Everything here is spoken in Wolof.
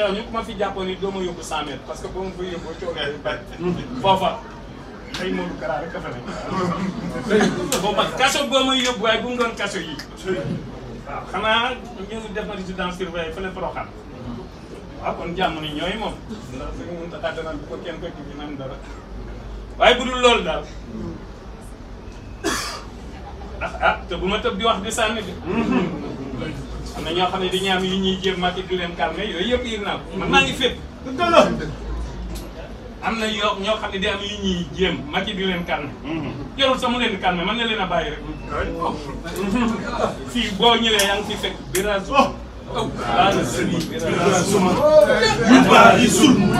xew ñu ku ma fi jàppoon ni doo ma parce que boo ma fa yóbbu coono yu bari. foofa xëy Modou Kara rek ka fa nekk. kaso boo may waaye bu mu doon kaso yi. waaw xanaa ñu def na résidence surveillée fële Proxal. waaw kon jàmm ni ñooy moom. ndax su ñu bu ko kenn waaye bu dul loolu daal. Mm-hmm. Ah, ah te bu ma tëb bi wax di sànni de. Mm-hmm. am na ñoo xam ne dañuy am yu ñuy jéem mati du leen calmé yooyu yëpp yëg naa ko man maa ngi fépp dëgg am na yoo ñoo xam ne day am yu ñuy jéem mati du leen calmé jarul sax mu leen di calmé mën na leen a bàyyi fii boo ñëwee yaa ngi fi fekk birasu aw waana sëriñ birasu ma